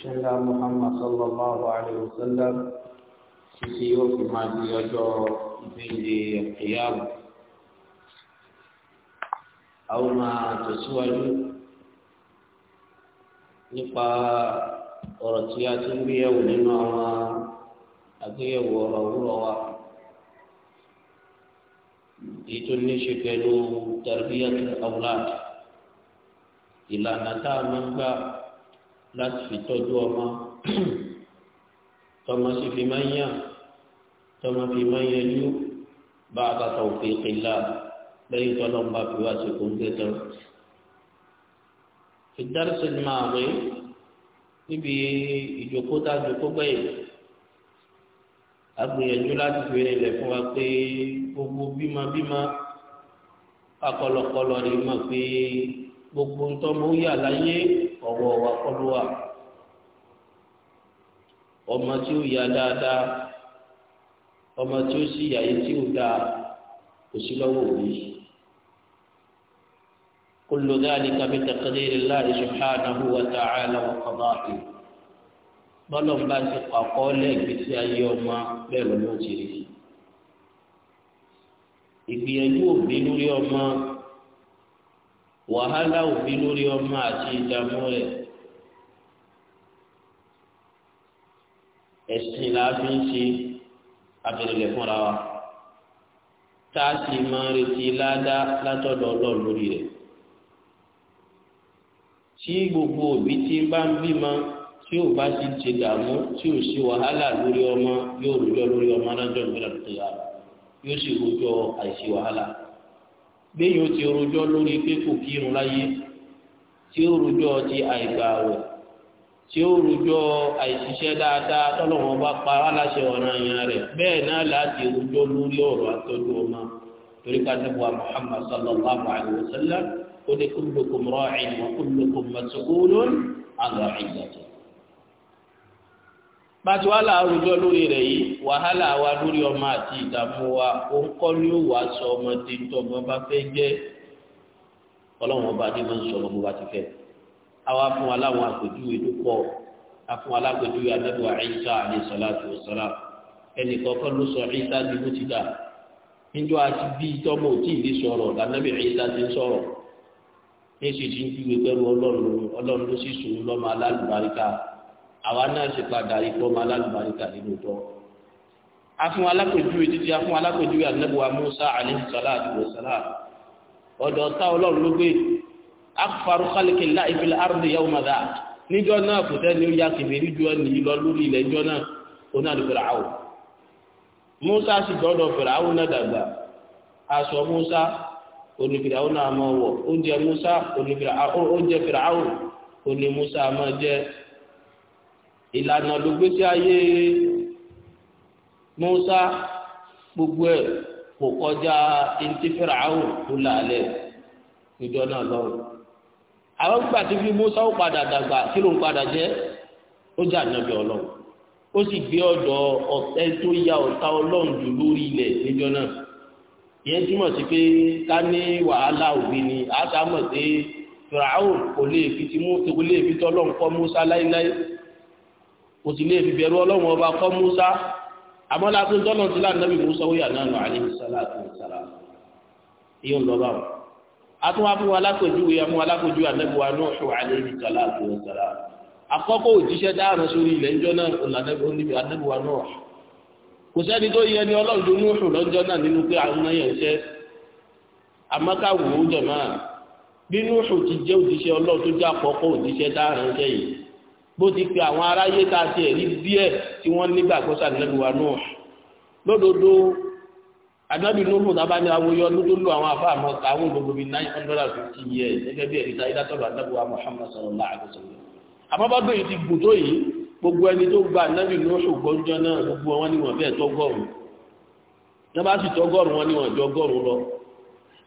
òjíṣẹ́ ńlá Muhammad sallallahu alayhi wa sallam títí yóò fi máa di ọjọ́ ìbéèrè ẹ̀kẹ́yàwó. àwọn máa tẹ̀síwájú nípa ọ̀rọ̀ tí a ti ń gbé yẹ̀wò nínú àwọn àgbéyẹ̀wò ọ̀rọ̀ òwúrọ̀ wa èyí tó ní ṣe pẹ̀lú tarbiyatul awlad ìlànà tá a máa ń gbà láti fi tọ́jú ọmọ tọmọ sì fi máa ń yàn tọmọ fi máa ń yanjú bá a bá tọ̀ òfin ìpínlẹ̀ lẹ́yìn tọ́lọ́ ń bá fi wá sí kóńgé tán. ìdárísí ni máa rí níbi ìjókòó tá a jókòó gbẹ̀yìn agbìyànjú láti fi rinlẹ̀ fún wa pé gbogbo bímọbímọ akọlọkọlọ rí mọ̀ pé gbogbo ntọ́mọ ó yà láyé ọwọ́ wa kọ́ ló wà ọmọ tí ó yà dáadáa ọmọ tí ó sì yàyé tí ó dáa kò sí lọ́wọ́ òbí. كل ذلك بتقدير الله سبحانه وتعالى وقضائه bọ́lọ̀n bá ti pàkọ́ lẹ́gbẹ̀ẹ́ sí ayé ọmọ bẹ́ẹ̀ ló ló ti rí ìgbìyànjú òbí lórí ọmọ wàhálà òbí lórí ọmọ àti ìdààmú rẹ̀ ẹ̀sìn là á fi ń ṣe àfẹnulẹ̀ fúnra wa tá a sì máa ń retí ládàá látọ̀dọ̀ Ọlọ́run lórí rẹ̀ tí gbogbo òbí tí bá ń bímọ tí ò bá ti ṣe dààmú tí ò sí wàhálà lórí ọmọ yóò rújọ lórí ọmọ lọ́jọ́ ìgbéra tó yára yóò sì rújọ àìsí wàhálà gbẹ̀yìn ó ti rojọ́ lórí pé kò kírun láyé tí ó rojọ́ ti àìgbààwẹ̀ tí ó rojọ́ àìṣiṣẹ́ dáadáa tọ́lọ́wọ́n bá pa aláṣẹ ọ̀ràn yẹn rẹ̀ bẹ́ẹ̀ náà láti rojọ́ lórí ọ̀rọ̀ àtọ́jú ọmọ torí ká níbo Muhammad sallallahu alayhi wa sallam ó ní kullukum ra'in wa kullukum mas'ulun an ra'iyatihi bàtí wàhálà àrùjọ lórí rẹ̀ yìí wàhálà wa lórí ọmọ àti ìdààmú wa ó ń kọ́ ní òwò aṣọ ọmọdé tó ọmọ bá fẹ́ jẹ́ ọlọ́run ọba ní máa ń sọ ọmọ bá ti fẹ́ àwa fún wa láwọn àpèjúwe tó pọ̀ a fún wa lápèjúwe ànábì wa Ìsá alayhi salatu wassalam ẹnì kọ̀ọ̀kan ló sọ Ìsá di bó ti dà níjọ́ àti bí tọ́mọ tí ì sọ̀rọ̀ lànàbì Ìsá àwa náà ṣe padà ikọ́ ọmọ alálùbáríkà nínú tọ́ afún alákòjúwe títí afún alákòjúwe ànábùwà Musa alayhi salatu wa salam ọ̀dọ̀ ọ̀tá ọlọ́run ló gbé akfaru kálíkì láì fi ardi yawma dha níjọ́ náà kò tẹ́ ní ó yá kìbìrì ju ẹni lọ lórí ilẹ̀ ìjọ náà ó náà lè fẹ̀rẹ̀ Musa sì gbọ́dọ̀ fẹ̀rẹ̀ àwọ̀ náà dàgbà aṣọ Musa onífìrà àwọn náà máa wọ̀ oúnjẹ Musa onífìrà oúnjẹ fẹ̀rẹ̀ àwọ̀ oní Musa máa jẹ́ ìlànà lògbésí ayé Musa gbogbo ẹ kò kọjá eŋti fẹrẹ àwọn tó làálẹ níjọ náà lọ́rùn àwọn gbà tí fi Musa ó padà dàgbà kí ló ń padà jẹ ó jà nàbẹ Ọlọ́run ó sì gbé ọ̀dọ̀ ọ̀tẹ̀ tó ya ọ̀tá Ọlọ́run jù lórí ilẹ̀ níjọ náà ìyẹn túmọ̀ sí pé ká ní wàhálà òbí ni àtàmọ̀ sí fẹrẹ kò lè fi ti mú kò lè fi tọ́lọ́run kọ́ Musa láéláé kò sì lè fi bẹ̀rù ọlọ́run ọba kọ́ Musa àmọ́ láti ń tọ́nà sílá nàbì Musa wíyà náà nù alẹ́ sàlátù sàlámù èyí ń lọ bá wọn. atún wá fún wa alákòjúwe amú alákòjúwe ànábì wa Nuhu alẹ́ sàlátù sàlámù àkọ́kọ́ òjíṣẹ́ dáhùn sórí ilẹ̀ ńjọ́ náà ànábì wa Nuhu kò sẹ́ni tó yẹ ni ọlọ́run tó Nuhu lọ́jọ́ náà nínú pé àwọn yẹn ṣẹ́ amákàwò jọ̀mọ́ bí Nuhu ti jẹ́ òjíṣẹ́ ọlọ́run tó jẹ́ àkọ́kọ́ òjíṣẹ́ dáhùn sẹ́yìn bó ti pe àwọn aráyé tá a ti ẹ̀rí díẹ̀ tí wọ́n nígbàgbọ́ sí ànábì wa Nuh lódodo ànábì Nuh tá a bá ní awoyọ lódó lo àwọn afá àmọ́ káwọn gbogbo bíi nine hundred and fifty years gẹ́gẹ́ bí ẹ̀rí táyé látọ̀dọ̀ ànábì wa Muhammad sallallahu alaihi wasallam àmọ́ bá bẹ̀rẹ̀ ti gùn tó yìí gbogbo ẹni tó gba ànábì Nuh gbọ́njọ́ náà gbogbo wọn ni wọ́n fẹ́ẹ̀ tọ́gọ́rùn yẹn bá sì tọ́gọ́rùn wọn ni wọ́n jọ ọgọ́rùn lọ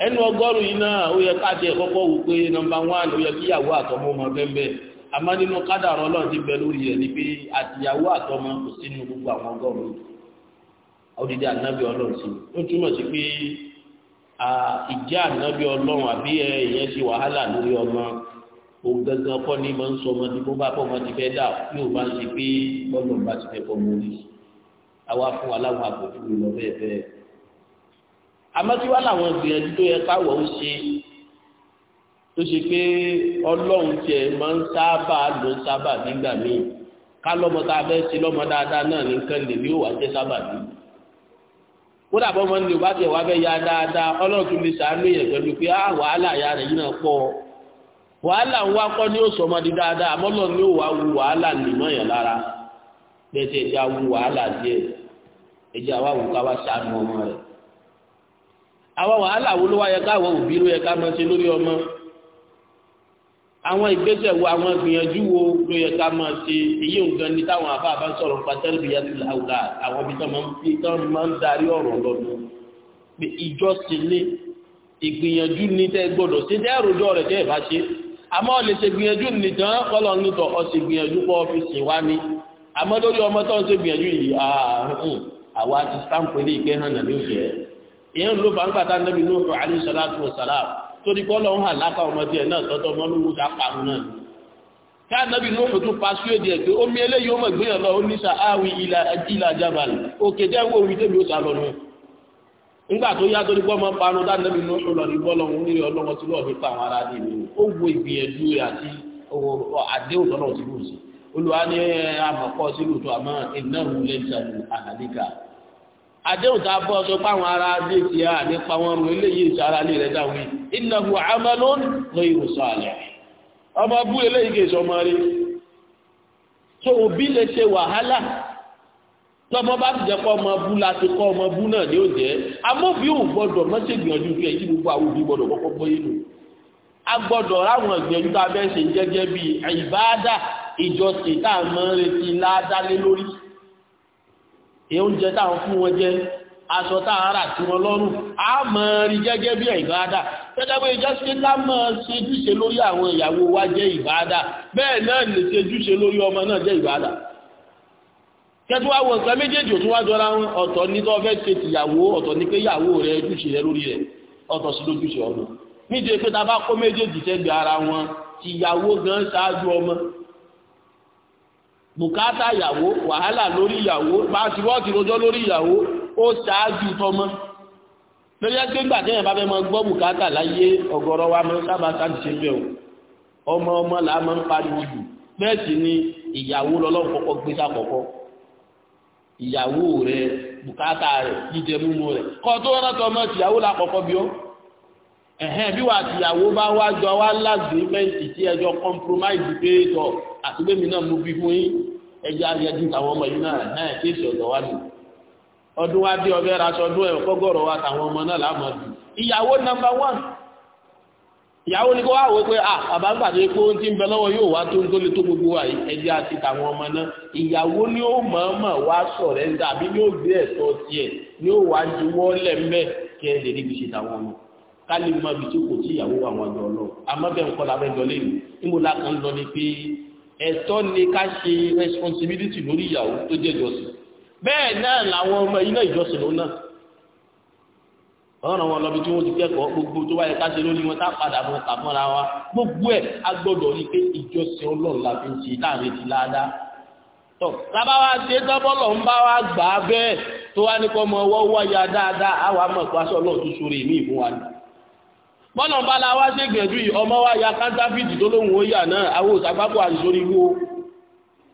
ẹnu ọgọ́rùn yìí náà ó yẹ káàdì ẹ̀ kọ́kọ́ wò pé nọmba one ó yẹ kíyàwó àtọmọ́ ọmọ bẹ́ẹ̀ bẹ́ẹ̀ àmọ́ nínú kádàrá Ọlọ́run ti bẹ lórí rẹ̀ ni pé àtìyàwó àtọmọ kò sínú gbogbo àwọn ọgọ́rùn-ún odidi ànábì Ọlọ́run sí ó túmọ̀ sí pé ìjẹ́ ànábì Ọlọ́run àbí ẹ̀yẹn ṣe wàhálà lórí ọmọ òun gangan kọ́ ni máa ń sọ ọmọdé bó bá fọ́ ọmọdé fẹ́ dà yóò máa ń ṣe pé bọ́ọ̀lù bá ti fẹ́ fọ́ ọmọ orí àwa fún wa láwọn àgbẹ̀fúru lọ bẹ́ẹ̀ bẹ́ẹ̀ àmọ́ tí wàá làwọn gbìyànjú tó yẹ káwọ̀ ó ṣe tó ṣe pé ọlọ́run tiẹ̀ máa ń sábà ló ń sábà nígbà míì ká lọ́mọ tá a fẹ́ ṣe lọ́mọ dáadáa náà nìkan lè ní òwà jẹ́ sábà bí. ó dàbọ̀ ọmọ nílò bá tiẹ̀ wá fẹ́ ya dáadáa ọlọ́run tún lè sàánú yẹn pẹ̀lú pé á ah, wàhálà ya rẹ̀ yìí náà pọ̀ wàhálà ń wá kọ́ ní oṣù ọmọdé dáadáa àmọ́ lọ ní òwà wu wàhálà nìmọ̀ yẹn lára bẹ́ẹ̀ ẹja àwọn wàhálà wo ló wá yẹ káwọ òbí ló yẹ ká mọ ṣe lórí ọmọ àwọn ìgbésẹ̀ wo àwọn ìgbìyànjú wo ló yẹ ká máa ṣe èyí nǹkan ní táwọn afáàfá sọ̀rọ̀ pàtẹ́lì bìyà ti làwùlà àwọn ibi tó máa ń fi tó máa ń darí ọ̀rọ̀ lọ́dún pé ìjọsìn ni ìgbìyànjú ní tẹ́ gbọ́dọ̀ ṣe tẹ́ àròjọ rẹ̀ tẹ́ ìbá ṣe àmọ́ lè ṣe gbìyànjú nìkan kọ́lọ̀ nítọ̀ ọ̀sẹ̀ gbìyànjú pọ̀ fi sìn wá ní àmọ́ lórí ọmọ tó ń ṣe gbìyànjú yìí àwa ti sáǹpù ilé ìkẹ́hàn nàlẹ́ òjẹ́ ìyẹn ló bá ń gbàtà nàbì Nuhu alayhi salatu wa salam torí kọ́ lọ́wọ́ hàn lápá ọmọdé ẹ̀ náà tọ́tọ́ ọmọ lówó dá parun náà ká nàbí ní òfin tún paṣú èdè ẹ̀ pé omi eléyìí ó mọ̀ gbéyàn lọ oníṣà áwì ilà ìlà jabalì òkè jẹ́ wo omi débi ó sá lọ nígbà tó yá torí kọ́ ọmọ parun dá ní òfin lọ ní ọlọ́wọ́ pa àwọn ará ó wo ìgbìyànjú rẹ̀ àti àdéhùn olùwà àmọ̀kọ́ sílùú tó àmọ́ ìnáwó àdéhùn tá a bọ́ sọ páwọn ará dé ti a nípa wọn rò eléyìí ìṣara lè rẹ̀ dáhùn yìí innahu amalun ghayru salih ọmọ bú eléyìí kìí sọmọ rí tó òbí lè ṣe wàhálà tọmọ bá ti jẹ kọ ọmọ bú láti kọ ọmọ bú náà ni ó jẹ amóbi ò gbọ́dọ̀ mọ́ṣẹ́gbìyànjú fi èyí gbogbo àwọn òbí gbọ́dọ̀ kọ́kọ́ gbọ́ yìí lò agbọ́dọ̀ ráwọn ìgbìyànjú tá a bẹ́ ṣe gẹ́gẹ́ bí ìbáadà ìjọsìn tá a mọ́ ń retí ládálé lórí kí oúnjẹ táwọn fún wọn jẹ aṣọ táàrà tí wọn lọ́rùn a mọ̀ rí gẹ́gẹ́ bí ìbáadà pẹ́lẹ́gbẹ́ ìjọsìn lámọ̀ ṣejúṣe lórí àwọn ìyàwó wa jẹ́ ìbáadà bẹ́ẹ̀ náà lè ṣejúṣe lórí ọmọ náà jẹ́ ìbáadà kẹtù wá wọ nǹkan méjèèjì òtún wá jọra wọn ọ̀tọ̀ ní tó fẹ́ ṣe tìyàwó ọ̀tọ̀ ní pé ìyàwó rẹ̀ ojúṣe rẹ̀ lórí rẹ̀ ọ̀tọ̀ sí lójúṣe ọmọ níjẹ́ pé ta bá kó méjèèjì sẹ́gbẹ̀ẹ́ ara wọn tìyàwó gan ṣáájú ọmọ bùkátà ìyàwó wàhálà lórí ìyàwó pàṣíwọ́ọ̀tì rojọ́ lórí ìyàwó ó ṣáájú tọmọ lórí ẹgbẹ́ ìgbà tẹ́yìn bá fẹ́ mọ gbọ́ bùkátà láyé ọ̀gọ̀rọ̀ wa mọ sábà sáti ṣe bẹ́ẹ̀ o ọmọ ọmọ là máa ń pariwo jù bẹ́ẹ̀ sì ni ìyàwó lọ́lọ́run kọ́kọ́ gbé sàkọ́kọ́ ìyàwó rẹ bùkátà rẹ jíjẹ mímu rẹ kọ́ tó rántọ́ mọ́ tìyàwó làkọ́kọ́ bí ó ẹ̀hẹ́n bí wà tìyàwó bá wá jọ wá lágbèémẹ́ǹtì tí ẹjọ́ compromise pé tọ̀ àti pé náà mú bí fún yín ẹjọ́ ayẹjú tàwọn ọmọ yìí náà ẹ̀hẹ́n tí èsì ọ̀dọ̀ wá nù ọdún wá dé ọbẹ̀ raṣọ ọdún ẹ̀ kọ́gọ́rọ̀ wa tàwọn ọmọ náà láàmọ́ dù ìyàwó nọ́mbà wán ìyàwó ni kó wá wò pé à bàbá ń pàdé pé ohun tí ń bẹ lọ́wọ́ yóò wá tó ń tó lè tó gbogbo wa ẹjẹ́ àti tàwọn ọmọ náà ìyàwó ni ó mọ̀ọ́mọ̀ wá sọ̀rẹ́ ń dàbí ó gbé ẹ̀tọ́ tiẹ̀ ni ó wá juwọ́ lẹ̀ mẹ́ kí ẹ lè ríbi ṣe tàwọn ọmọ kálí mọ ibi tí kò tí ìyàwó àwọn ọjọ́ lọ àmọ́ bẹ́ẹ̀ ń kọ́ la bẹ́ẹ̀ lọlé mi níbo la kàn ń lọ ni pé ẹ̀tọ́ ni ká ṣe responsibility lórí ìyàwó tó jẹ́ ìjọsìn bẹ́ẹ̀ náà làwọn ọmọ yìí náà ìjọsìn ló náà ọ̀rọ̀ wọn lọ́bi tí wọ́n ti kẹ́kọ̀ọ́ gbogbo tó wáyé ká ṣe lórí wọn tá padà bọ̀ tà wa gbogbo ẹ̀ a gbọ́dọ̀ i pé ìjọsìn ọlọ́run la fi ń ṣe láàrin ti láadáa tọ́ lábá wa dé tọ́bọ́lọ̀ ń bá wa gbà á bẹ́ẹ̀ tó wá ní kọ́ mọ ọwọ́ wáyà dáadáa á wà mọ̀ pé náà tún ṣoore mí ìfún wa nù bọ́nà bá la wá ṣe gbẹ̀dú yìí ọmọ wa ya kántáfìtì tó lóhùn ó yà náà àwọn òṣàgbápò àṣìṣorí wó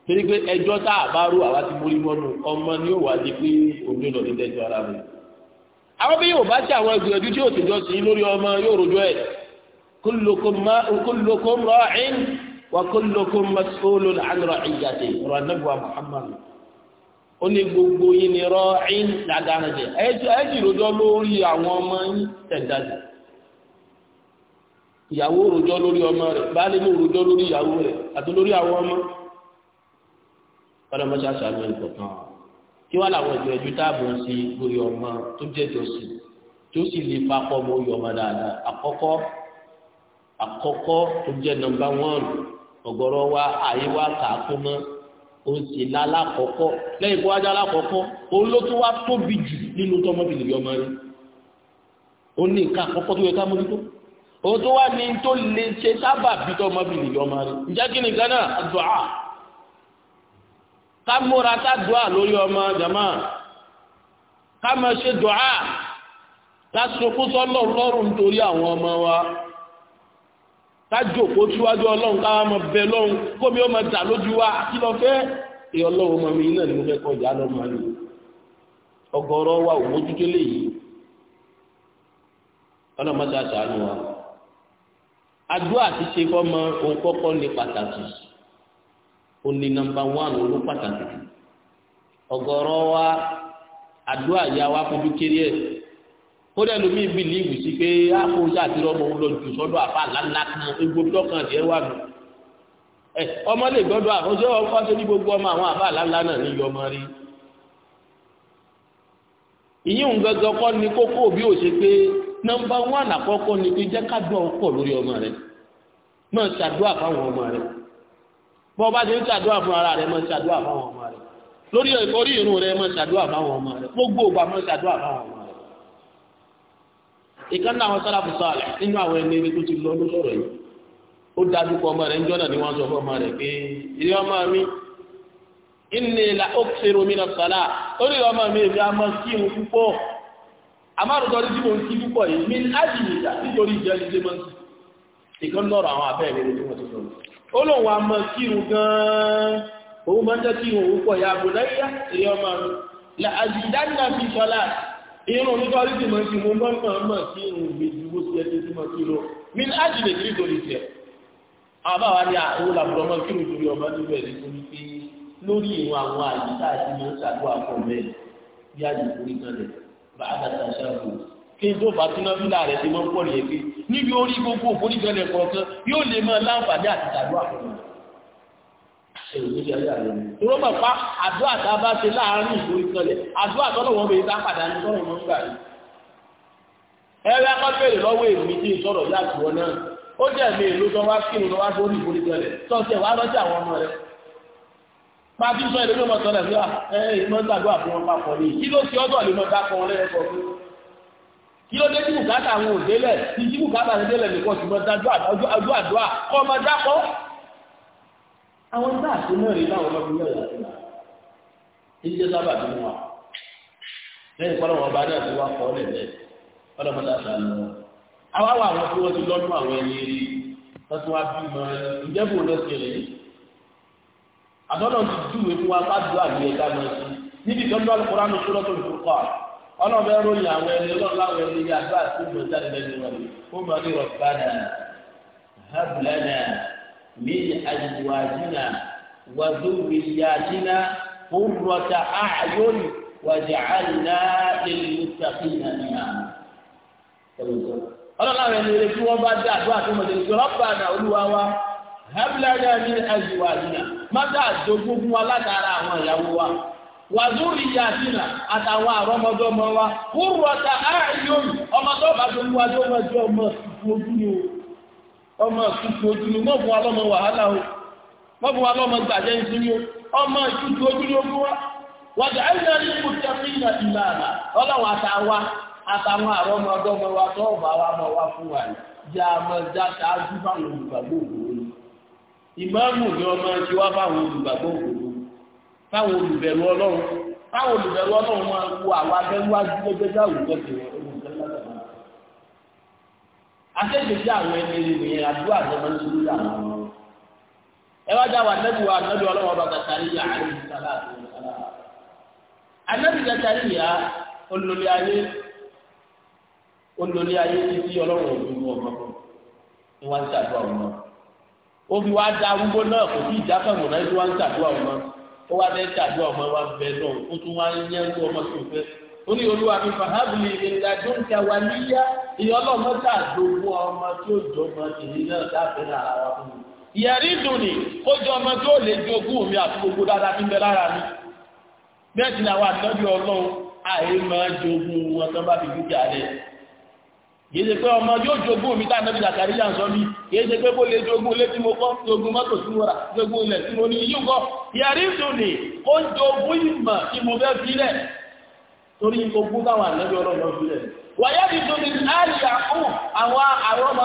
torí pé ẹjọ́ tá a bá rú àwa ti borí mọ́nù ọmọ ni ó wà di pé òun ló lọ ní tẹ́jú ara mi. àwọn bí yóò bá ṣe àwọn ìgbìyànjú tí yóò tẹjọ sí lórí ọmọ yóò rojọ́ ẹ̀ kullukum ra'in ó ní gbogbo yìí ni ra'in làdáná ẹ jì lórí àwọn ọmọ yìí tẹ̀dájú ìyàwó rojọ́ lórí ọmọ rẹ̀ baálé ló rojọ́ lórí ìyàwó rẹ̀ àti lórí àwọn ọmọ ọlọmọṣẹ àṣàlù ẹnìkọ̀ọ̀kan kí wọ́n làwọn ìjọ ẹjú táàbù ń ṣe lórí ọmọ tó jẹ́jọ sí tí ó sì lè papọ̀ mọ́ oyè ọmọ dáadáa àkọ́kọ́ àkọ́kọ́ tó jẹ́ nọ́mbà wọ́n ọ̀gọ́rọ̀ wa àyè wa kà á kó mọ́ ó ń ṣe lálàkọ́kọ́ lẹ́yìn kó wájà lákọ́kọ́ òun ló tún wá tóbi jù nínú tọmọbìnrin ọmọ rẹ̀ ó ní nǹkan àkọ́kọ́ tó yẹ ká mójútó o tó wá ní tó lè ṣe sábà bí tó ọmọ bìnrin yọ ọmọ rẹ kí ni gánà àdúà ká múra ká dùà lórí ọmọ jàmá ká máa ṣe dùà ká sunkún nítorí àwọn ọmọ wa ká jòkó síwájú ọlọ́run ká wa kí lọ èyí ọmọ mi náà ni mo ìyá wa wa. àdúrà ti ṣe fọmọ òun kọ́kọ́ ní pàtàkì ó ní nọ́mbà wán ló pàtàkì ọ̀gọ̀rọ̀ wa àdúrà yà wá fojú kéré ẹ ó dẹ lómi bìlíìfù sí pé àkóso àti ọmọ òun lọ jù sọ́dọ̀ àfa lálá kan egbò tọkàn tiẹ̀ wà nù ẹ ọmọ lè gbọ́dọ̀ àkóso ọkọ tó ní gbogbo ọmọ àwọn àfa lálá náà ní yọmọ rí ìyíhùn gangan kọ́ ni kókó bí ó ṣe pé nọmba wọn àkọ́kọ́ ni pé jẹ́ kádùn ọ̀pọ̀ lórí ọmọ rẹ máa ṣàdúrà fáwọn ọmọ rẹ bọ́ ọba ti ń ṣàdúrà fún ara rẹ máa ṣàdúrà fáwọn ọmọ rẹ lórí orí irun rẹ máa ṣàdúrà fáwọn ọmọ rẹ gbogbo ìgbà máa ṣàdúrà fáwọn ọmọ rẹ. ìkan náà àwọn sáláfù sọ̀rọ̀ nínú àwọn ẹni eré tó ti lọ ló sọ̀rọ̀ yìí ó dájú kọ ọmọ rẹ ń jọ́nà ni wọ́n sọ ọmọ rẹ pé ilé ọmọ mi ìnìlà ó ṣèrò mi lọ sọ̀lá ó rí ọmọ mi èmi á kí n púpọ̀ amárùtọ́rí tí mo ń kíkú pọ̀ yìí mi láti nìjà nítorí ìjẹ́ ìdílé mọ́ ìkan lọ́rọ̀ àwọn abẹ́ ìrẹ́lẹ́ tí wọ́n ti sọ̀rọ̀ ó lóun wa mọ kírun gan-an òun máa ń jẹ́ kírun òun pọ̀ ya bùnáyà èyí ọmọ rẹ̀ la àjìdánilá fi sọlá irun nítorí tí mo ń kírun mọ́ mọ́ mọ́ ni àwọn làbùrọ̀ mọ́ kírun torí ọmọ nígbà ẹ̀rí tó ní pé lórí ìrun àwọn lẹ̀ bàtà sàṣàbù kí n tó bá túná fílà rẹ̀ ti mọ́ pọ̀ nìyẹn pé níbi orí gbogbo ògbóníjọlẹ̀ kọ̀ọ̀kan yóò lè máa láǹfààní àti tàdúrà rọ́bà pa àdúrà tá a bá ṣe láàárín ìlú ìkọlẹ̀ àdúrà tọ́lọ̀ wọn bèèrè sápàdà ní tọ́lọ̀ wọn gbà rí ẹ̀rẹ́ akọ́bẹ̀rẹ̀ lọ́wọ́ èmi tí ìṣọ́rọ̀ yá àtúwọ́ náà ó jẹ́ mi ìlú tó wá kírun lọ́wọ́ tó ní ìforíkọlẹ̀ tọ́sẹ̀ wá lọ́jà àwọn ọmọ rẹ̀ máa ti sọ ìdójú ọmọ sọ nàìjíríà ẹ ìmọ̀ gbàgbọ́ àfihàn wọn papọ̀ ní kí ló ti ọdọ̀ lè mọ dákọ̀ wọn lẹ́yìn kọ̀ fún kí ló dé tí bùkátà àwọn òdélẹ̀ tí tí bùkátà àwọn òdélẹ̀ nìkan ṣùgbọ́n dájú àdúrà àdúrà kọ́ ọmọ dákọ̀ àwọn tá àti mẹ́rin láwọn ọmọ ìjẹ́ sábà bí wọn lẹ́yìn pọ́lọ́ wọn bá náà ti wá kọ́ ọ́lẹ̀ bẹ́ẹ̀ pọ́lọ́ mọ́tà sàánú wọn. àwa wà àwọn tí wọ́n ti lọ́dún àwọn ẹni rí wọ́n ti wá bí mọ́ àtọ́nà ti júwe fún wa kájú àbí ẹ̀dá náà sí níbi ìtọ́jú alukóra ní sọ́dọ̀ tó dùn kọ́ ọlọ́mọ àwọn ẹni lọ́la àwọn ẹni yìí àdúrà tó mọ̀ jáde lẹ́nu wọn mọ̀ ní rọ̀bánà hábùlánà àjùwájínà wàdúwìyájínà nìyà. ẹni tí wọ́n bá dé àdúrà hamlada ní azuwajina mọ́tà àjogún fún wa látara àwọn ìyàwó wa wàzúrì yàtìnà àtàwọn àrọmọdọ́mọ wa kúrọ̀tà ààyòm ọmọ tó bá tó ń wá tó ọmọ ojú ni o ọmọ ojú ni fún wàhálà o fún gbàjẹ́ ń sinmi o ọmọ ìfún ojú ni o fún wa ní ìmáàmù ni ọmọ ti wá fáwọn olùgbàgbọ́ òkòló fáwọn olùbẹ̀rù ọlọ́run fáwọn olùbẹ̀rù ọlọ́run máa wo àwọn abẹ́wájú lọ́gbẹ́dá òwúrọ̀ ti rẹ̀ asẹ́gbèsí àwọn ẹni ìròyìn àdúrà àjọmọ́ ní ìlú àwọn ọmọ ẹ wá já wa nẹ́bí wa nẹ́bí ọlọ́wọ́ bá Zakariya àrùn sálà àti sálà anẹ́bí Zakariya olórí ayé olórí ayé ti fi ọlọ́wọ́ òbí wọn ọmọ ìwà ń ṣàdúrà wọn omi wa da arúgbó náà kò sí ìdákàwọ̀ náà ló wá ń ṣàdúrà ọmọ ó wá fẹ́ ṣàdúrà ọmọ wa bẹ náà ó tún wá ń yẹn ló ọmọ tó fẹ́ ó ní olúwa mi fàhábìlì ìdájọ́ ń kẹwà níyà ìyá ọlọ́mọ ṣàdógún ọmọ tí ó jọ ọmọ tèmi náà dáfẹ́ lára wa fún mi. ìyẹ̀rí dùn ní kó jọ ọmọ tó lè jogún mi àti gbogbo dáadáa tí ń bẹ lára mi bẹ́ẹ̀ ti làwọn àtọ́jú ọlọ́run àìmọ́ jogún wọn tó bá fi dúkìá rẹ̀ kìí ṣe pé ọmọ yóò jogún omi táà nẹ́bí zakari yà ń sọ bí kìí ṣe pé bó lè jogún ilé tí mo kọ́ jogún mọ́tò tí mo rà jogún ilẹ̀ tí mo ní yíò kọ́ yẹrí ìdùnnì ó ń jogún ìmọ̀ tí mo fẹ́ sílẹ̀ torí ogún táwọn ànẹ́bí ọlọ́run sílẹ̀ wàyẹ́ ìdùnnì láàrin yàkùn àwọn àwọn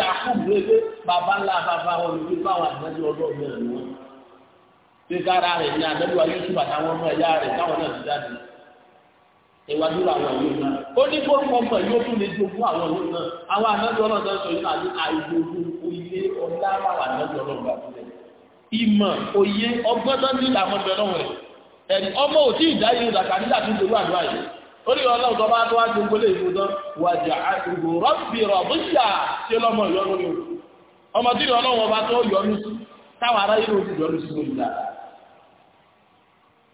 yàkùn rẹ pé bàbá ńlá bàbá wọn ní báwọn ànẹ́bí ọlọ́run ìwájú àwọn ìlú náà ó ní kó kọ́kọ́ yóò tún lè jogún àwọn ìlú náà àwọn ànájọ́ ọlọ́dọ̀ sọ yìí àti àìjogún oyè ọlá àwọn ànájọ́ ọlọ́dọ̀ àtúnlẹ̀ ìmọ̀ oyè ọgbọ́n tó ní làwọn ọbẹ̀ náà rẹ̀ ẹ̀rí ọmọ òtí ìdáyé ìdàkà nígbà tó ń dolú àdúrà yìí ó ní ọlọ́run tó bá tó wá jogún lè fún tán wàjà àtúgbò rọ́bì rọ̀bùṣà ṣe lọ́mọ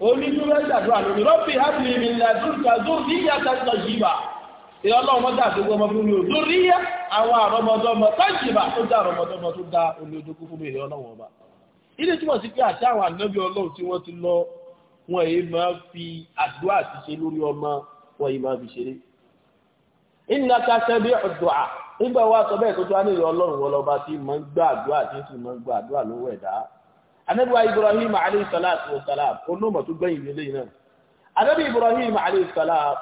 onídúró ìgbàdúrà lórí rọ́bì hábì mi làdúrà zúríyà tàbí jìbà ìyá ọlọ́run mọ́tà àti gbọmọ fún mi ò zúríyà àwọn àrọmọdọ́mọ tàjìbà tó dá àrọmọdọ́mọ tó dá olódókú fún mi ìyá ọlọ́run ọba ilé túmọ̀ sí pé àti àwọn ànábì ọlọ́run tí wọ́n ti lọ wọn èyí máa fi àdúrà ti ṣe lórí ọmọ wọn èyí máa fi ṣeré ìnà ká sẹ́bí ọ̀dọ́à nígbà wa sọ bẹ́ẹ̀ tó tó á ní ìyá ọlọ́run wọlọ́ba tí máa ń gbà àdúrà tí ń sì máa ń gbà àdúrà lọ́wọ́ ẹ̀dá anabiwa ibrahim alayhi salatu wa salam onúmọ̀ tó gbẹ̀yìn nílé náà anabi ibrahim alayhi salam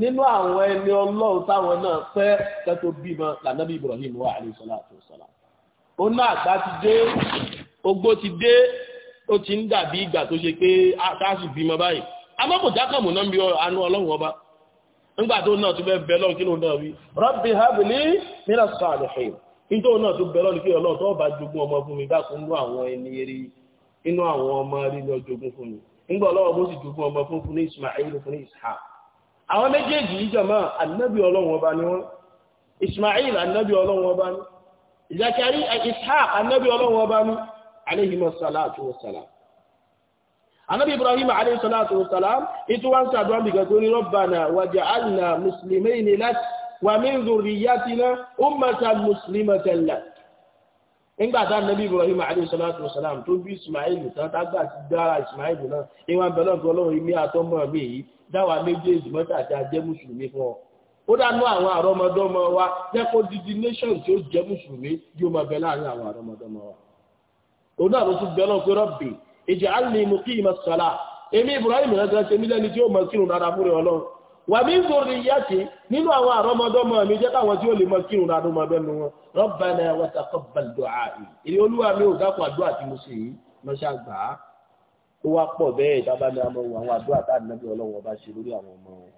nínú àwọn ẹni ọlọ́run táwọn náà pẹ́ kẹ́tọ́ bímọ lànàbí ibrahim wa alayhi salatu wa salam oná àgbà ti dé ogbó ti dé ó ti ń dàbí ìgbà tó ṣe pé àtàṣì bímọ báyìí amọ́kùnjá kàn mọ̀ náà ń bí anú ọlọ́run ọba nígbà tó náà tún bẹ́ẹ̀ bẹ́ẹ̀ lọ́run kí ló náà wí rabbi habli minas salihin nítorí náà tún bẹ́ẹ̀ lọ́run kí ọlọ́run tó jogún ọmọ fún mi dákun ní àwọn ẹni eré inú àwọn ọmọ rí lọ jogún fún mi nígbà ọlọ́wọ́ mo sì jogún ọmọ fún fún Ismail fún ní àwọn méjèèjì ìjọmọ́ ànábì ọlọ́run ọba ni wọ́n Ismail ọba ni Zakari Ishaq ànábì ọlọ́run ọba ni alayhimus salatu salatu nígbà tá nàbí ibrahim alayhisalatu wasalam tó bí ismail tán tágbà ti dára ismail náà ìwà bẹ̀rẹ̀ ọ̀gọ́ ọlọ́run ilé àtọ́mọ́ mi yìí dáwà méjèèjì mọ́tà àti ajẹ́ mùsùlùmí fún ọ ó dánú àwọn àrọmọdọ́mọ wa jẹ́ kó didi nation tí ó jẹ́ mùsùlùmí yóò máa bẹ láàrin àwọn àrọmọdọ́mọ wa òun náà ló tún bẹ wà mí zòrò ìyáṣe nínú àwọn àrọ́mọdọ́mọ mi jẹ́ káwọn tí ó lè mọ kírun ládùn máa bẹ́nu wọn Rabbana wa taqabbal du'a èrè olúwa mi ò dákun àdúrà tí mo ṣe yìí lọ́ṣà gbà ó wá pọ̀ bẹ́ẹ̀ tábàdà ọmọ wọn àwọn àdúrà tá àdínàbí ọlọ́wọ́ bá ṣe lórí àwọn ọmọ wọn.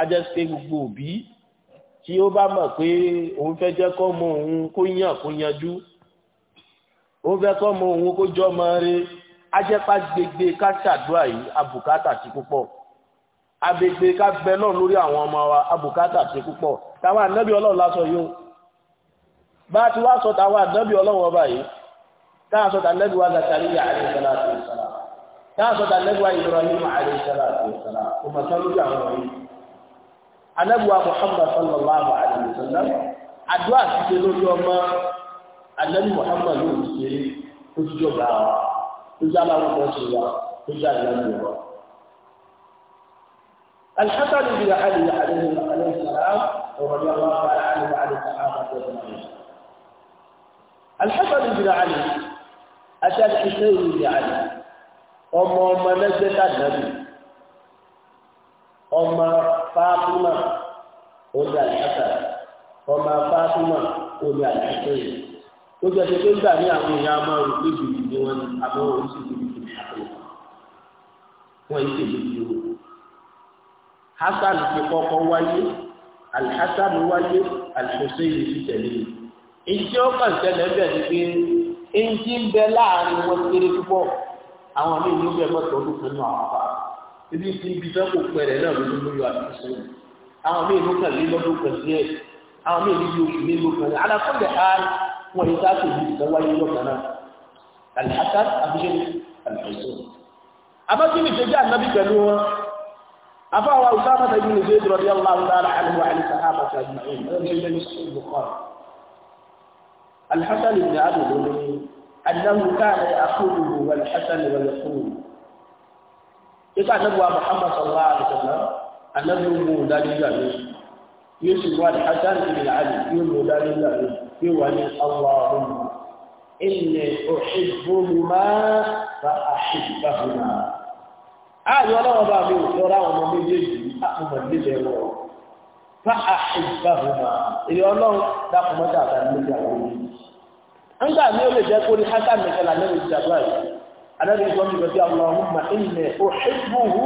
a jẹ́ pé gbogbo òbí tí ó bá mọ̀ pé òun fẹ́ jẹ́ kọ́ mọ òun kó yàn kó yanjú òun fẹ́ kọ́ mọ òun kó jọ́ mọ́ rẹ̀ a jẹ́ pàgbègbè ká yìí abùkátà sí púpọ̀ agbègbè ká bẹ náà lórí àwọn ọmọ wa abùkátà ṣe púpọ̀ táwọn ànábì ọlọ́run lásọ yóò bá a ti wá sọ táwọn ànábì ọlọ́run ọba yìí táà sọ tànábì wa Zakariya alayhi salatu wa salam táà sọ tànábì wa Ibrahim alayhi salatu wa salam kò mọ̀ sọ́lú bí àwọn yìí ànábì wa Muhammad sallallahu alayhi wa sallam àdúrà ti ṣe lórí ọmọ ànábì Muhammad ló ti ṣe ó ti jọba ó ti aláwọ̀ kan ṣe wa ó ti aláwọ̀ kan الحسن بن علي عليه السلام ورضي الله تعالى عنه وعن الصحابه اجمعين الحسن بن علي اتى الحسين بن علي اما اما نجد النبي اما فاطمه ولد الحسن اما فاطمه ولد الحسين الحسين ojú ẹ̀ṣẹ̀ tó ń gbà ní àwọn èèyàn amáhùn ní ìgbìmọ̀ ni wọ́n ní àwọn oríṣìí ìgbìmọ̀ ìṣàkóso wọn ìṣèlú ìlú hasan ti kọ́kọ́ wáyé alhassan wáyé alhussein ti tẹ̀lé ìjọ kan tẹ́lẹ̀ bẹ́ẹ̀ ni pé ẹnjí ń bẹ láàrin wọn kéré púpọ̀ àwọn míì ló bẹ mọ́tò ọdún kan náà wà ibi tí ibi tó kò pẹ̀rẹ̀ náà ló ló yọ alhussein àwọn míì ló kàn lé lọ́dún kan díẹ̀ àwọn míì níbi oṣù mélòó kan náà alákọ̀ọ́lẹ̀ á wọn yìí sáà tó ibi tó wáyé lọ́kàn náà alhassan abidjan alhussein abájọ́ mi jẹ́jẹ́ ànábì pẹ̀lú wọn. أفا أسامة بن زيد رضي الله تعالى عنه وعن الصحابة أجمعين هذا من البخاري الحسن بن أبي الأمي أنه كان يأخذه والحسن ويقول إذا نبوى محمد صلى الله عليه وسلم أنه مولى لجميع يسوى الحسن بن علي يولى لجميع يولي اللهم إني أحبهما فأحبهما ààyè ọlọ́wọ́ bá mi ò sọ́ra àwọn ọmọ méjèèjì àkùnmọ̀ ah, nílẹ̀ wọ̀ fa àìgbàhùnmá èyí ọlọ́run dákùnmọ́tà àtàlẹ́ méjì àwọn ọmọ méjì. nígbà mi ò lè jẹ́ kó ní hasan nìkan lànà ìjà báyìí anábì ìgbọ́n mi gbọ́dọ̀ àwọn ọmọ ìmẹ̀ òṣèbùhù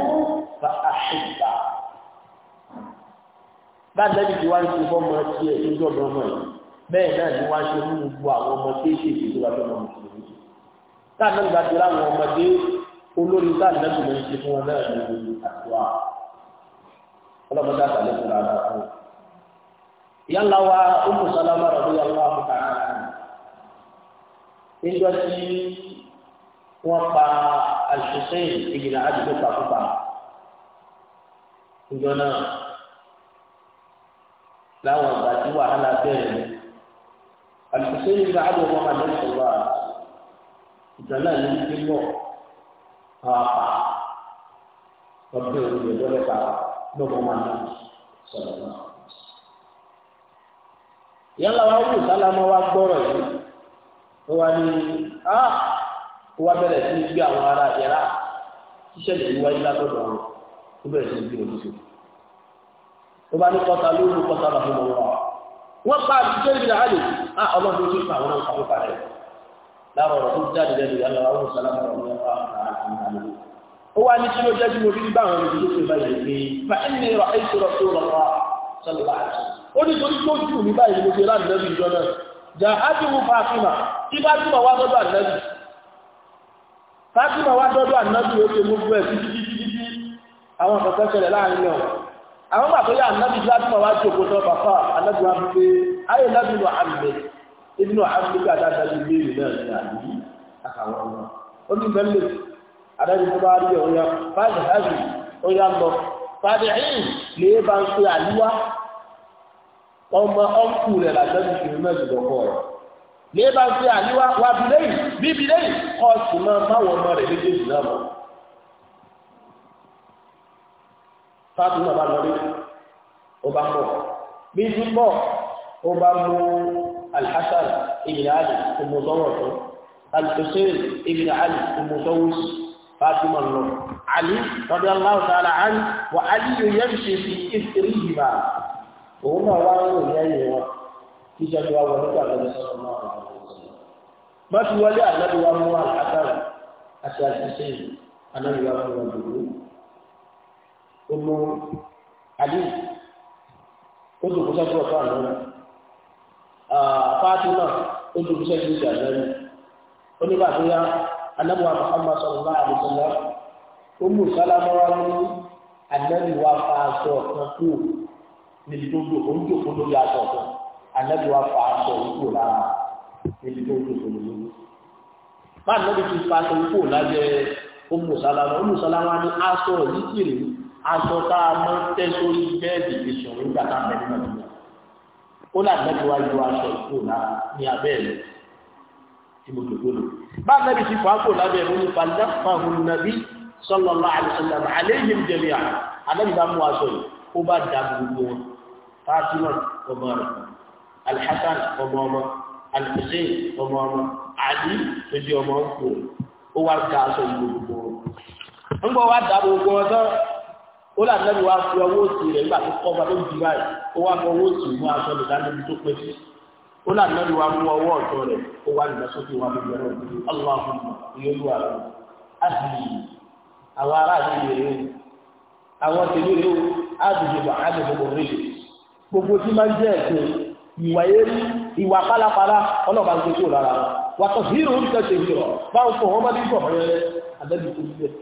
fa àìgbà. bá lẹ́bi tí wọ́n ti fọ́mọ tiẹ̀ níjọ́ ọmọ yìí bẹ́ẹ̀ náà ni wọ́n ṣe mú gbogbo àwọn ọmọ kéékèèké tó wà lọ́mọ mùsùlùmí. táà náà gbàdúrà àwọn ọmọdé olórí bá àdìmẹ́tò lè ṣe fún wọn náà ní ìlú àdúrà ọlọ́mọdé àtàlẹ́ fún ara fún un. ìyá ńlá wa Ummu Salama radiyallahu ta'ala anha níjọ tí wọ́n pa Al-Husayn ìgbìnà àdìgbò pàkópa níjọ náà láwọn ìgbà tí wàhálà bẹ̀rẹ̀ Al-Husayn ìgbà àdìgbò wọn máa dẹ́sẹ̀ wá náà ní ìgbìmọ̀ apa Waktu itu dia boleh tahu Dokumen Sallallahu Yang lawa itu salah mawak borok Tuhan Ah Tuhan ah! bẹ̀rẹ̀ sí ibi àwọn ará ìyára Ṣíṣẹ́lẹ̀ ìwáyé látọ̀dọ̀ àwọn Tó bẹ̀rẹ̀ sí ibi òṣìṣẹ́ Tó bá ní kọta lóòrùn kọta lọ́fún mọ́wọ́ Wọ́n pa àti Ah Allah tó ṣe pa àwọn ọ̀pọ̀ lára ọ̀rọ̀ tó jáde lẹ́nu ìyá lọ́wọ́ àwọn sàlámù ọ̀rọ̀ ó wá ní tí ó jẹ́ tí mo fi ń bá àwọn ìdílé pé báyìí pé fa ẹni rọ ẹ̀ṣẹ̀ rọ tó rọ wá sọlọ́lá àti ó ní torí tó jù ní báyìí mo ṣe láti lẹ́nu ìjọ náà jà á ti mú Fatima tí Fatima wá dọ́dọ̀ ànábì Fatima wá dọ́dọ̀ ànábì ó ṣe mú fún ẹ̀ títí títí títí àwọn kọ̀ọ̀kan ṣẹlẹ̀ láàrin náà àwọn bàbá yà ànábì Fatima wá jókòó tó bàbá ànábì wá fi pé ayé lábìlú àmì nínú áfíríkà dáadáa ti béèrè náà ní àbí àkàwọn ọmọ ó ní mẹ́lẹ̀ adájọ́ tó bá rí ọ̀yà fáàdì hàbì ọ̀yà lọ fáàdì ẹ̀yìn lè bá ń pe àlúwá ọmọ ọ̀nkù rẹ̀ làtẹ́bí fi mẹ́jọ lọ́kọ̀ rẹ̀ lè bá ń pe àlúwá wà bí lẹ́yìn bíbí lẹ́yìn kọ́ sì báwọn ọmọ rẹ̀ méjèèjì náà mọ̀ fáàdì náà bá lọ rí ó bá bí ti pọ̀ ó mú alhassan ibn ali ọmọdọ́wọ̀tọ́ alhussein ibn ali ọmọdọ́wọ́sì fatima lọ ali rọ́bí aláwọ̀ tààlà ali wà ali yóò yẹ́ ṣe fi ìfìrí ìgbà òun náà wá ń rìn lẹ́yìn wọn kí jẹ́jọ́ wa wọlé pàdé sọ́rọ̀ náà bá fi wọlé àlọ́bí wa mú alhassan àti alhussein àlọ́bí wa mú wọn dùn ó mú ali ó dùn kó sọ́kúrọ̀ fún àlọ́bí Fatima olùkíṣẹ́ ti ṣe àjẹrẹ onígbàgbéyà anábùwà Muhammad sallallahu alaihi wasallam Ummu Salama wa ní anábìwà fa aṣọ kan kú níbi tó dùn ó ń jòkó lórí aṣọ kan anábìwà fa aṣọ kú lára níbi tó dùn òun lórí. bá anábì ti fa aṣọ kú lábẹ́ Ummu Salama Ummu Salama ní aṣọ yìí kiri aṣọ tá a máa ń tẹ́ bẹ́ẹ̀dì ìṣòro nígbà tá a bẹ̀rẹ̀ náà ó là nẹ́bí wá yọ aṣọ ìkó ní abẹ́ rẹ̀ tí mo dòdò lò bá nẹ́bí ti fàákò lábẹ́ mú ní fàlẹ́fàáhù nàbí sallallahu alaihi wasallam alayhim jami'an anábì bá mú aṣọ ó là nẹ́bí wa fi ọwọ́ òsì rẹ̀ nígbà tó kọ́ ọba tó di báyìí ó wá fi ọwọ́ òsì mú aṣọ lè dáná ibi tó pé sí ó là nẹ́bí wa mú ọwọ́ ọ̀tọ̀ rẹ̀ ó wá nígbà sókè wa fi bẹ̀rẹ̀ òbí aláwọ̀ ìyẹn ló wà lọ. àbí àwọn aráàlú rẹ̀ o àwọn tèmi rẹ̀ o àbùjẹ bá àbùjẹ bọ̀ rẹ̀ gbogbo tí máa ń jẹ́ ẹ̀sìn ìwà yẹrí ìwà pálapàla ọlọ́ba gbogbo lára wàtọ̀ hírò ń tẹ̀sẹ̀ hírò báwo fọ̀ wọ́n bá dín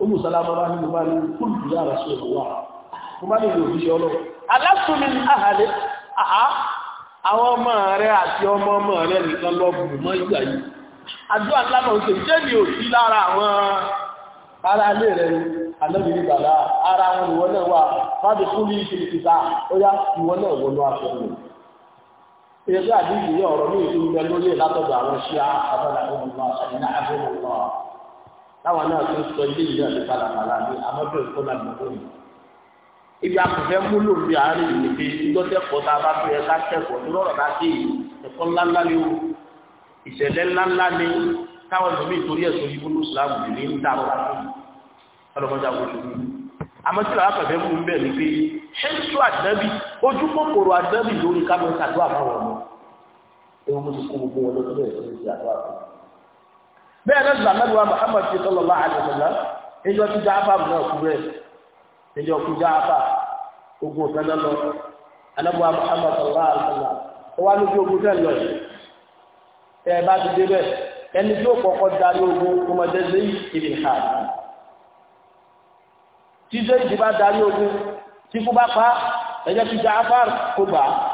Umu Salama bá ní mo bá ní kúlù ya Rasulullah mo bá ní ìròyìn ọlọ́run alásùnmi ahàlẹ́ àhá àwọn ọmọ rẹ àti ọmọ ọmọ rẹ nìkan lọ́bùn mọ́ ìgbà yìí àdúrà lánàá ń ṣe jẹ́ mi ò sí lára àwọn ara ilé rẹ alẹ́bí ní bàlá ara wọn ìwọ náà wà fábí fún ní ìṣe ìṣìṣà ó yá ìwọ táwọn náà tún sọ ilé ìlú àti palapala ní amọ́dún ìkọ́ náà gbogbo mi. ibi akọ̀fẹ́ múlò bí àárín ìlú pé ìgbọ́tẹ̀kọ́ tá a bá fẹ́ ká kẹ́kọ̀ọ́ tó lọ́rọ̀ láti ẹ̀kọ́ ńláńlá ni o ìṣẹ̀lẹ̀ ńláńlá ni táwọn ìlú mi torí ẹ̀sùn ìbú ní ìsìlámù ní ń dá ọ̀rọ̀ fún ọlọ́mọdé àwòṣe mi. àmọ́ tí làwọn akọ̀fẹ́ mú bẹ́ẹ̀ ni pé ṣẹ́ńsù àdẹ́bì ojú kòkòrò àdẹ́bì lórí kábíyèsí àdúrà máa wọ̀ mọ́ mo ti kó gbogbo wọn lọ́sọ̀rọ̀ ìṣẹ̀lẹ̀ àdúrà fún mi bẹ́ẹ̀ náà sùlá mẹ́lúwa Muhammad fi sallallahu alaihi wasallam ẹjọ́ tí jáfà náà kú rẹ̀ ẹjọ́ kú jáfà ogun ọ̀sán lọ anábùwà Muhammad sallallahu alaihi wasallam ó wá lójú ogun tẹ́ lọ ẹ bá ti dé bẹ́ẹ̀ ẹni tó kọ́kọ́ darí ogun ọmọdé lẹ́yìn ìrìn hàn tí zéyìí bá darí ogun tí kú bá pa ẹjọ́ tí jáfà kó bàá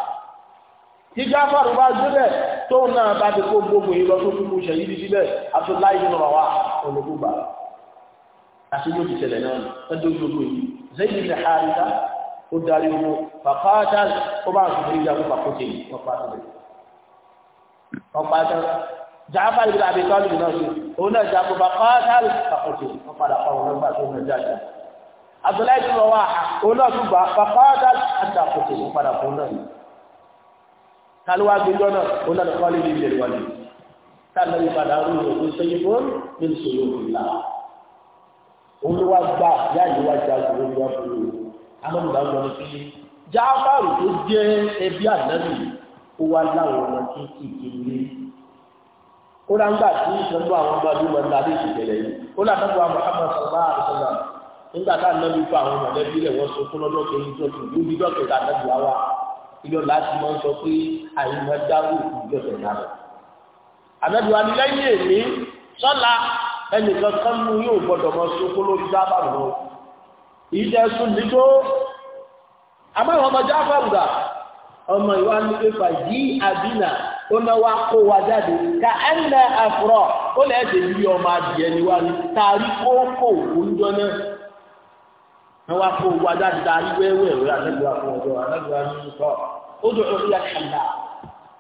tí jáfàrù bá gbébẹ̀ tóun náà bá ti kó gbogbo yìí lọ tó fi mú ṣẹ̀yí di síbẹ̀ abdullahi bin rawa olùgbùgbà àti yóò ti ṣẹlẹ̀ náà lọ́dọ̀ gbogbo yìí zayd bin haritha ó darí owó fàfáàtà ó bá àti ìdíjà fún pàkóté wọn pàtó rẹ̀ wọn pàtó jáfàrù bin abi talib náà ṣe òun náà jà fún fàfáàtà pàkóté wọn padà fáwọn lọ́gbà tó ń jáde abdullahi bin rawa òun náà tún bá fàfáàtà àti àkóté wọn fún náà tàlúwà gbẹjọ́ náà ó náà kọ́ lè lè wọlé táàlù ìpadà rú òkú sẹ́yìn fún ní ìṣòro ìlà olúwa gbà yáàyè wá jà gbòòrò wá fún mi amọ̀nùbá ń lọ sí jáfàrù tó jẹ́ ẹbí ànábì ó wá láwọn ọmọ kéékèèké lé ó rà ń gbà tí ìṣẹ́jú àwọn ọmọ ọdún wọn lábẹ́ ìṣẹ̀lẹ̀ yìí ó làtàkùn àwọn Muhammad sallallahu alaihi wasallam nígbà tá ànábì fún àwọn mọ̀lẹ́bí rẹ̀ wọ́n sọ fún lọ́dọ̀ kejì tó ti lóbi dọ́kẹ̀ta ànábì wá wá ìjọ láti máa ń sọ pé àyìnbá dáwò ìjọ tẹ̀lá rẹ̀. àbẹ̀dùn àdìlẹ́yìn èmi sọ́la ẹnìkan kan mú yóò gbọ́dọ̀ mọ sókó lórí dábàá lọ. ìjẹ́ sùn dídó àbáwọn ọmọ jáfàgbà ọmọ ìwà ní pépà yí àbínà ó náà wá kó wa jáde ká ẹnlẹ àfúrọ ó lẹ́ẹ̀dẹ̀ bí ọmọ adìẹ ni wá ní tàrí kókó òkú ń náà. wọn wá kó owó adájú dá ní wéwé ìwé àtẹ́gbẹ́ àpò ọ̀dọ́ àtẹ́gbẹ́ àpò ó dùn ó yà kàlá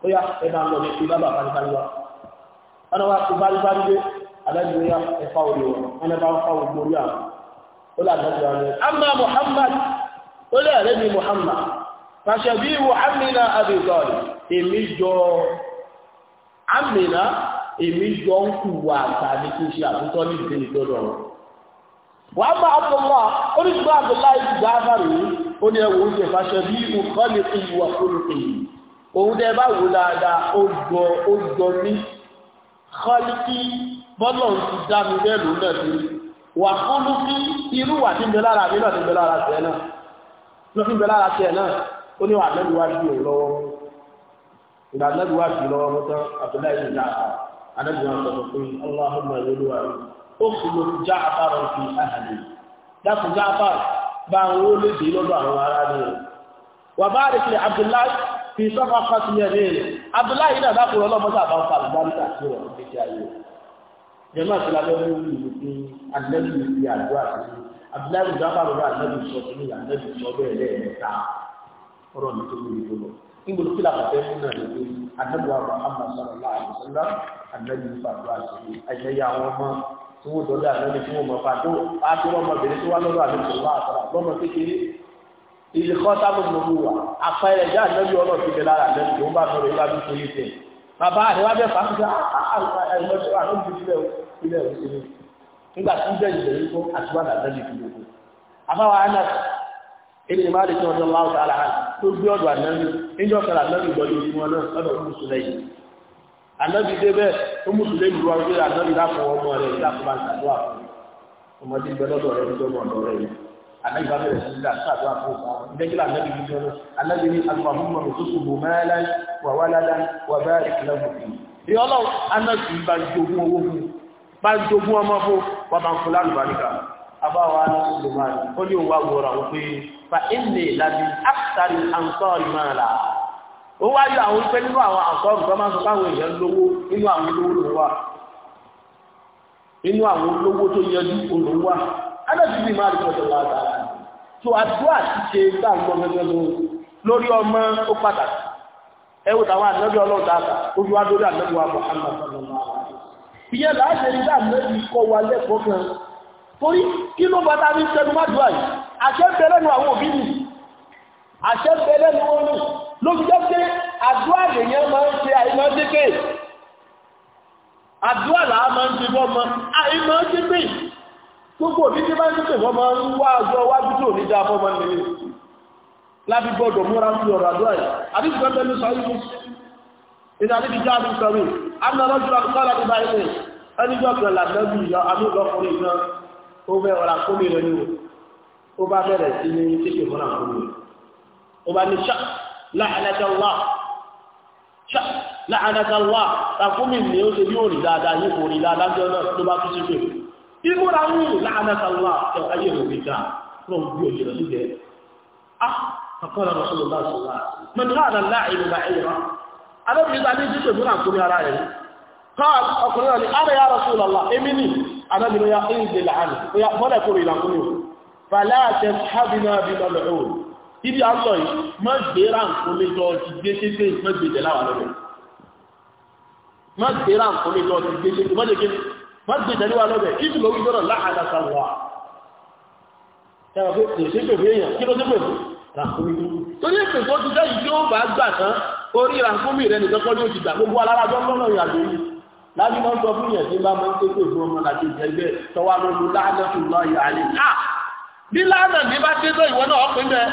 ó yà ẹ máa lọ ní ti balibali wa wọn wá kó balibali dé adájú yà òde wọn bá àwọn ó lè muhammad ó lè mi muhammad amina abidjan èmi amina èmi jọ ń kú wa kí wà á bá Abdullah oríṣiríṣi Abdullah ìgbà àbárò yìí ó ní ẹwọ oúnjẹ fàṣẹ bí ìkọlẹ ìwà olùkè yìí òun dẹ bá wò dáadáa ó gbọ́ ó gbọ́ mí kọlíkì bọlọ ti dá mi bẹ́ẹ̀ lòún náà sí wà irú wà tí ń bẹ mi náà ti ń bẹ lára tiẹ̀ náà lọ́sí ń bẹ lára tiẹ̀ náà ó ní wà lẹ́nu wá bí òun ìgbà lẹ́nu wá bí lọ́wọ́ mọ́tọ́ Abdullahi ìgbà àdébìyàn sọ̀rọ̀ pé Allahumma yorùbá rẹ̀. اخلق جعفر في اهله dákun jáfàr bá wó léde lọ́dọ̀ àwọn ará rẹ̀. wà bá rí pé abdullahi fi sọ́fà fásitì rẹ̀ rẹ̀ abdullahi náà dákun ọlọ́mọdé àbáwọn àlùbáríkà sí ayé àti lábẹ́ mú àdúrà sí abdullahi jáfàr rẹ̀ àlẹ́bí sọ sí ní àlẹ́bí sọ bẹ́ẹ̀ lẹ́ẹ̀ta ọ̀rọ̀ mi tó lọ. wa sallallahu wa sallam tí wọ́n dọ́lé àlọ́lẹ̀ tí wọ́n mọ̀ fà tó àti ọmọbìnrin tó wá lọ́dọ̀ àlọ́lẹ̀ tó wá àtàrà lọ́mọ kékeré ilé kọ́ sábọ̀ gbogbo wa àpẹẹrẹ jẹ́ àlọ́lẹ̀ ọlọ́ ti bẹ̀ lára àlọ́lẹ̀ tó ń bá lọ́rọ̀ ilá bí torí tẹ̀ bàbá àríwá bẹ́ẹ̀ fà ah, ah, ah, sí àlọ́lẹ̀ tó gbé ọ̀dọ̀ àlọ́lẹ̀ níjọ́ kan àlọ́lẹ̀ ìgbọ́lẹ̀ ìfún ọ náà lọ́dọ̀ fún ìṣúlẹ̀ yìí ànábi débẹ̀ ó mùsùlùmí lu ọdún ànábi lápò ọmọ rẹ̀ ìdáàbò àtàdúrà ọmọdé gbẹdọdọ rẹ̀ ní ọmọ ọ̀dọ̀ rẹ̀ ànábi bá bẹ̀rẹ̀ sí àtàdúrà fún ọmọ ìdẹ́gbẹ́ ànábi bí sọ́nà ànábi ní alùpàmùmọ̀ òtútù bò mẹ́lá wà wá ládá wà bá ìkìlọ̀mù fún mi. ìyá ọlọ́run ànábi bá jogún owó fún bá jogún ọmọ fún wà bá ń kó lálùbáríkà àbáwá alásùlùmáà ó ní òun wá wọra wọn pé fa ó wá yọ àwọn pé nínú àwọn àkọọ̀rù tó máa ń sọ fáwọn èèyàn lówó nínú àwọn olówó ló wà nínú àwọn olówó tó yẹjú olówó wà adájú bíi máa rí pọ̀jọ́ láta tó àdúrà ti ṣe bá ń gbọ́ gẹ́gẹ́ lórí ọmọ ó pàtàkì ẹ wò táwọn àdúrà ọlọ́run dáta ó fi wá lórí àdúrà wa Muhammad sallallahu alaihi ìyẹn láti rí láàmì kọ́ wa lẹ́kọ̀ọ́ kan torí kí ló bá dábí tẹnu má dùn àyè àṣẹ bẹ lẹ́nu àwọn òbí mi àṣẹ bẹ lẹ́nu wọn mi ló fi jẹ́ pé àdúrà lèyàn máa ń ṣe àìmọ́ dípè àdúrà làá máa ń ṣe fọ́mọ àìmọ́ dípè gbogbo òbí tí bá ń dípè fọ́mọ ń wá ọjọ́ wájú tó ní dáa fọ́mọ nìyẹn láti gbọ́dọ̀ múra sí ọ̀rọ̀ àdúrà yìí àbí ìgbà pẹ̀lú sọ yìí ìdá níbi já ní sọ yìí àmì ọlọ́jọ́ àkọ́lá ti bá ilé ẹni jọ kan làbẹ́bí ìyá àmì ìlọ́kùnrin náà ó fẹ́ ọ̀rà kómi rẹ̀ ní o ó bá bẹ̀rẹ̀ sí ní kékeré mọ́ra kómi ó bá ní ṣáà láàánẹ́tẹ́lá láàánẹ́tẹ́lá tàkúmì ní ó ṣe bí òrì dáadáa yìí òrì dáadáa jẹ́ náà tó bá tún sí pé ìmúra ń rìn láàánẹ́tẹ́lá ayé òrì dáa lọ́n bí òjì rẹ̀ sí jẹ́ ah, àkọ́lá rasulullah sallallahu alaihi wasallam láàrin láàrin alẹ́bìnrin ta ní títò fún àkúrí ara rẹ̀ káà ọkùnrin rẹ̀ ni ara ya rasulullah èmi ni alẹ́bìnrin ya ń dè láàrin bọ́lẹ̀ kúrò ìlàkúnrin fàlá àtẹ́ sábìnà bí lọ́lọ́rùn ibi àlọ́ yìí mọ́ gbé ráǹkólé lọ ti gbé tẹ́tẹ́ mọ́ gbé tẹ̀ láwà lọ́dọ̀ mọ́ gbé ráǹkólé lọ ti gbé tẹ́tẹ́ mọ́ tẹ́kẹ́ mọ́ gbé tẹ̀ láwà lọ́dọ̀ ibi lórí lọ́rọ̀ láàdá sàwọ̀ torí èpè tó ti dẹ́yìn tí ó bá gbà tán orí ràǹkómì rẹ̀ nìkan kọ́ ní ó ti gbà gbogbo alára dọ́gbọ́nà ìrìnàjò yìí láti máa ń sọ fún yẹn tí bá máa ń tètè fún ọmọ láti ìjẹgbẹ́ tọwọ́ lọ́lọ́ láàdọ́tù lọ́ọ̀yà àlè. bí láàdọ̀ ní bá tẹ́tọ̀ ìwọ náà ọ̀pẹ́ mẹ́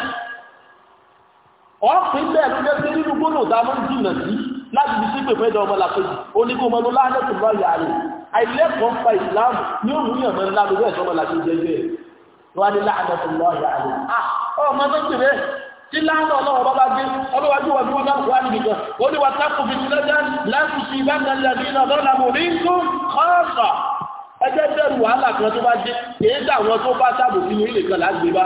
ọ̀pìn bẹ́ẹ̀ ló jẹ́ sí nínú gbónà tá a máa ń jìnà sí láti fi sípè fẹ́ dán ọmọlàkejì onígbòmọ ló láàánẹ́kùn lọ yà rẹ̀ àìlẹ́kọ̀ọ́ pa Islam ní òmùyàn mọ́ ńlá lórí ẹ̀sọ́ ọmọlàkejì ẹgbẹ́ wọn ni láàánẹ́kùn lọ yà rẹ̀ ọmọ tó ti rẹ̀ tí láàánú ọlọ́wọ́ bá bá dé ọlọ́wájú wà dúró náà wà níbi kan ó ní wà tákù fi sílẹ́jà láti fi ìbáǹdà lẹ́bí náà lọ́la mò ní tó kọ́ọ̀sà ẹjẹ́ bẹ̀rù wàhálà kan tó bá dé èyí táwọn tó bá sábò sínú ilé kan láti gbé bá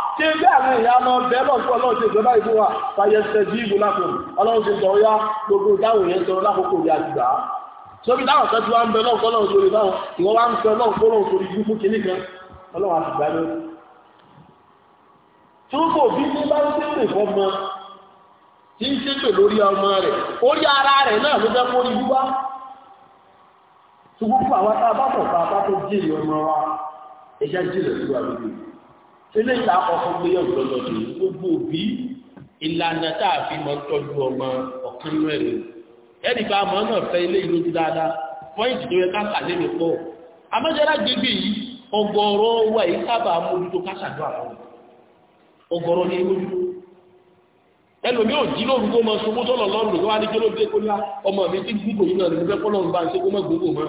ṣé bí àwọn èèyàn máa bẹ́ lọ́sọ́ ọlọ́run ṣe ìjọba ìlú wa fàyẹ ṣẹ́jú ìlú lápò ọlọ́run ṣe sọ̀rọ̀ yá gbogbo táwọn èèyàn sọ̀rọ̀ lákòókò ìyá àgbà. sóbi táwọn kan ti wá ń bẹ lọ́sọ́ ọlọ́run sórí báwọn ìwọ wá ń sọ ọlọ́run kó lọ́run sórí ikú kìíní kan ọlọ́run àtìgbà ló. tí ó kò bí ní bá ń ṣépè fọmọ tí ń ṣépè lórí ọmọ rẹ̀ orí ara rẹ̀ náà ló fẹ́ kórí búbá. ṣùgbọ́n fún àwọn tá a bá sọ̀tà bá tó jèrè ọmọ wa ẹ̀yà jèrè sí wa lóde tẹ́lẹ̀ ìta àkọ́kọ́ gbé yẹn gbọ́dọ̀ dé gbogbo òbí ìlànà tá a fi mọ tọ́jú ọmọ ọ̀kan náà rè ẹnì bá ọmọ náà fẹ́ ilé ìlú ti dáadáa pọ́ìntì tó yẹ ká kà lé mi pọ̀ amájára gbégbé yìí ọ̀gọ̀rọ̀ wa yìí sábà mójútó kásàdó àwọn ọ̀gọ̀rọ̀ ni mójútó ẹlòmí ò jí lórúkọ mọ sọmọtọ lọ lọrùn lọ́wọ́ adigun ló dé kó lá ọmọ mi ti gbúgbò yìí náà lè fẹ́ kọ́ lọ́rùn bá ń ṣe kó mọ́ gbogbo mọ́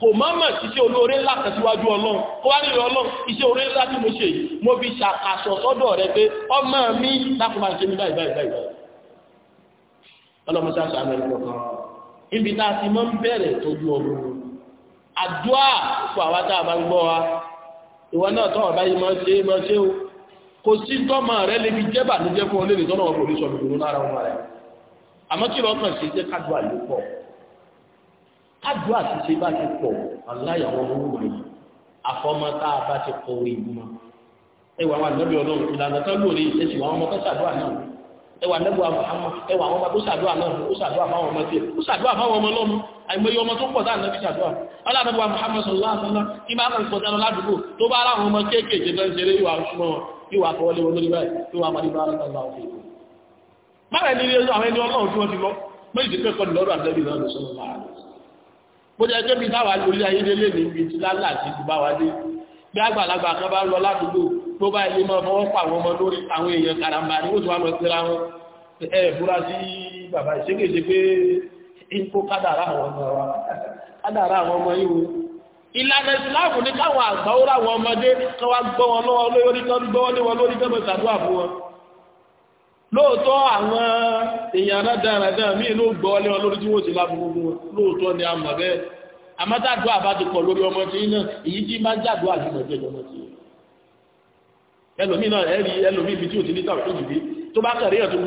kò má mọ̀ iṣẹ́ olóore ńlá kan síwájú ọlọ́run kó wá nílò ọlọ́run iṣẹ́ olóore ńlá tí mo ṣe yìí mo fi ṣàkàṣọ sọ́dọ̀ rẹ pé ọmọ mi lákùn máa ń ṣe mí báyìí báyìí báyìí ọlọ́mọ sáà ṣàmì ẹ̀kọ́ kan níbi tá a ti máa ń bẹ̀rẹ̀ tọ́jú ọdún àdúà fún àwa tá a máa ń gbọ́ wa ìwọ náà tọ́wọ̀ báyìí máa ṣe máa ṣe o kò sí tọ́mọ rẹ lè fi jẹ́ bàtújẹ́ fún ọ ájú àtúnṣe bá ti pọ̀ aláyàwó ọmọ wọ̀nyí àfọmọ́tá bá ti pọ̀ orí ìgbìmọ̀ ẹwà wà lọ́bí ọlọ́run ìlànà tó lórí ẹsì wọn ọmọ tó ṣàdúrà náà ẹwà lẹ́bù àmọ́ ẹwà àwọn ọmọ tó ṣàdúrà náà ó ṣàdúrà fáwọn ọmọ tiẹ̀ ó ṣàdúrà fáwọn ọmọ lọ́mú àìmọye ọmọ tó pọ̀ tá ànábi ṣàdúrà ọlọ́dọ̀bù Muhammad sallallahu alaihi wasallam kí máa kàn kọjá lọ ládùúgbò tó bá ara àwọn ọmọ kéékèèké tó ń ṣeré ìwà súnmọ́ wọn ìwà àkọọ́lẹ̀ wọn lórí báyìí tó wà pàdé bá ara kan láwọn fèèrè báyìí ni ilé àwọn ẹni ọlọ́run tí wọ́n ti lọ méjì pẹ́kọ̀ọ́ lọ́rọ̀ àdẹ́bì náà lọ́sọ̀rọ̀ bó jẹ́ jẹ́ bí táwa lórí ayédélé ní ibi tí lálà sí ti bá wa dé bí àgbàlagbà kan bá lọ ládùúgbò tó bá ilé máa fọwọ́ pa àwọn ọmọ lórí àwọn èèyàn karamba ní ó tún wá lọ síra wọn ẹ fúra sí bàbá ìṣékèṣe pé ipò kádàrá àwọn ọmọ wa kádàrá àwọn ọmọ yìí wo ìlànà ìsìláàmù ní káwọn àgbà ó ráwọn ọmọdé kan gbọ́ wọn lọ́wọ́ lórí kan gbọ́ wọn lórí kan èèyàn adáradá míì ló gbọ́ ọlẹ́ wọn lórí tí wọ́n ti lábú lóòótọ́ ni a mọ̀ bẹ́ẹ̀ amátàdúrà bá ti kọ̀ lórí ọmọ tí náà èyí tí máa ń jàdúrà jù lọ jẹ́jọ ọmọ tí ẹlòmíì náà ẹ̀rí ẹlòmíì ibi tí ò ti ní tàbí ìdìbí tó bá kẹ̀rí ẹ̀tún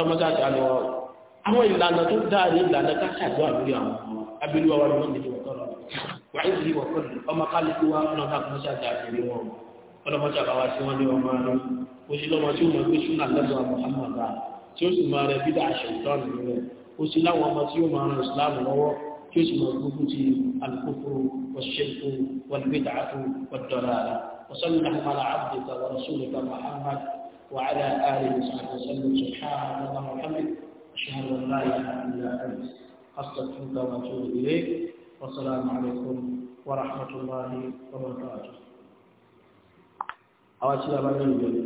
gbọ́ àwọn ìlànà tó dáa ní ìlànà ká ṣàdúrà lórí àwọn abẹ́lú wa ló ń lè wọ́n tọ́lọ̀ wà á ìdílé wọ́n tọ́lọ̀ ọmọ kálukú wa ọ̀nà ká kọ́ ṣàdá àtẹ̀lé wọn ọlọ́mọṣà bá wa sí wọn ní ọmọ rẹ o sì lọ́mọ tí ó mọ pé súnà lọ́dọ̀ àmọ́hàmàdà tí ó sì máa rẹ bídà àṣẹ ìtọ́nù rẹ o sì láwọn ọmọ tí ó máa ran ìsìláàmù lọ́wọ́ tí ó sì máa gbógun ti alukókòrò wọ́ṣẹ́kù wọ́lùbẹ́dàáfù wọ́dọ̀lára وصلى اللهم على عبدك ورسولك محمد وعلى آله وصحبه وسلم سبحانه وتعالى أشهد أن لا إله إلا أنت أستغفرك وأتوب إليك والسلام عليكم ورحمة الله وبركاته. أواتي أبدا